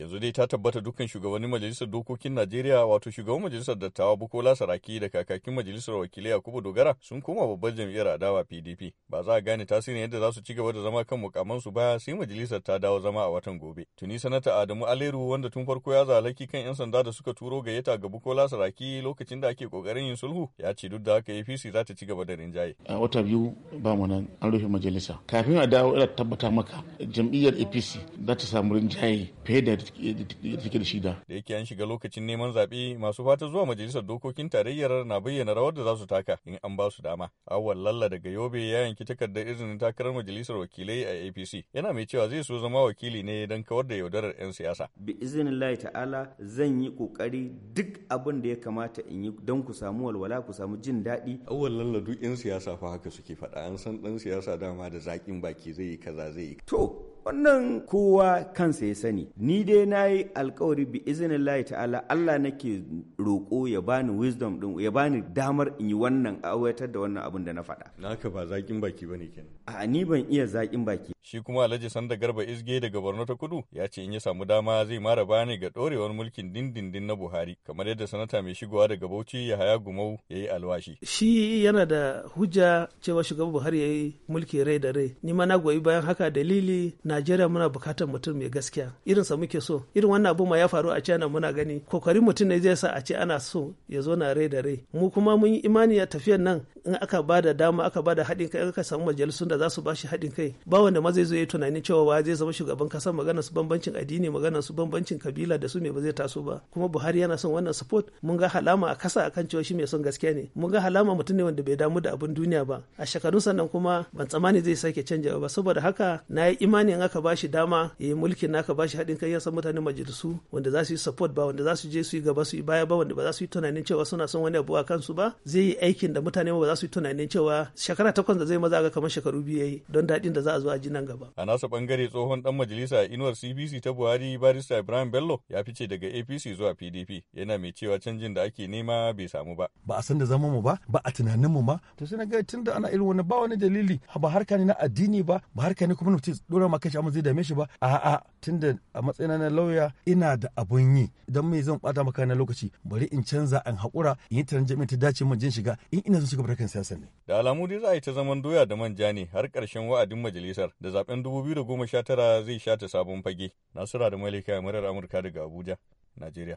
yanzu dai ta tabbata dukkan shugabannin majalisar dokokin najeriya wato shugaban majalisar dattawa bukola saraki da kakakin majalisar wakilai yakubu dogara sun koma babbar jam'iyyar adawa pdp ba za a gane tasirin yadda za su ci gaba da zama kan mukamansu ba sai majalisar ta dawo zama a watan gobe tuni sanata adamu aleru wanda tun farko ya zalaki kan yan sanda da suka turo gayyata ga bukola saraki lokacin da ake kokarin yin sulhu ya ce duk da haka apc za ta ci gaba da rinjaye a wata biyu ba mu nan an rufe majalisa kafin a dawo ina tabbata maka jam'iyyar apc za ta samu rinjaye fiye da take da shida. da. yake an shiga lokacin neman zaɓe masu fata zuwa majalisar dokokin tarayyar na bayyana rawar da za su taka in an ba su dama. Awwal Lalla daga Yobe ya yanki takardar izinin takarar majalisar wakilai a APC. Yana mai cewa zai so zama wakili ne don kawar da yaudarar 'yan siyasa. Bi izinin ta'ala zan yi kokari duk abin da ya kamata in yi don ku samu walwala ku samu jin daɗi. Awwal Lalla duk 'yan siyasa fa haka suke faɗa an san ɗan siyasa dama da zaƙin baki zai yi kaza zai yi. To wannan kowa kansa ya sani ni dai na yi alkawari bi iznillahi ta'ala Allah nake roƙo ya bani wisdom din ya bani damar in yi wannan awaitar da wannan abin da na faɗa naka ba zaƙin baki ne kenan a ni ban iya zaƙin baki Shi kuma Alhaji Sanda Garba Isge daga Borno ta Kudu ya ce in ya samu dama zai mara bani ga dorewar mulkin dindindin na Buhari kamar yadda sanata mai shigowa daga Bauchi ya haya gumau ya yi alwashi. Shi yana da hujja cewa shugaban Buhari ya yi mulki rai da rai. Ni ma na goyi bayan haka dalili Najeriya muna bukatar mutum mai gaskiya. Irin sa muke so. Irin wannan abu ma ya faru a China muna gani. Kokarin mutum ne zai sa a ce ana so ya zo na rai da rai. Mu kuma mun yi imani a tafiyar nan in aka ba da dama aka ba da haɗin kai aka samu majalisun da za su ba shi haɗin kai. Ba wanda zai zo ya tunanin cewa wa zai zama shugaban kasa magana su bambancin addini magana su bambancin kabila da su me ba zai taso ba kuma Buhari yana son wannan support mun ga halama a kasa akan cewa shi mai son gaskiya ne mun ga halama mutum ne wanda bai damu da abin duniya ba a shekarun sannan kuma ban tsammani zai sake canja ba saboda haka na yi imani in aka shi dama ya yi mulkin naka shi haɗin kai ya san mutanen majalisu wanda za su yi support ba wanda za su je su yi gaba su yi baya ba wanda ba za su yi tunanin cewa suna son wani abu a kansu ba zai yi aikin da mutane ba za su yi tunanin cewa shekara takwas da zai maza ga kamar shekaru biyu yayi don daɗin da za a zo a jina nan gaba. A nasa bangare tsohon dan majalisa a inuwar CBC ta Buhari barista Ibrahim Bello ya fice daga APC zuwa PDP yana mai cewa canjin da ake nema bai samu ba. Ba a san da zaman mu ba, ba a tunanin mu ma. To sai na ga tunda ana irin wani ba wani dalili ba harka ne na addini ba, ba harka ne kuma mutum dora ma kanshi amma zai dame shi ba. A'a tunda a matsayina na lauya ina da abun yi idan me zan bata maka na lokaci bari in canza in hakura in yi taron jami'a ta dace mun jin shiga in ina son shiga barkan siyasa ne. Da alamu dai za a yi ta zaman doya da manja ne har karshen wa'adin majalisar da da zaben 2019 zai shata sabon fage. nasira da Malika murar Amurka daga Abuja, Najeriya.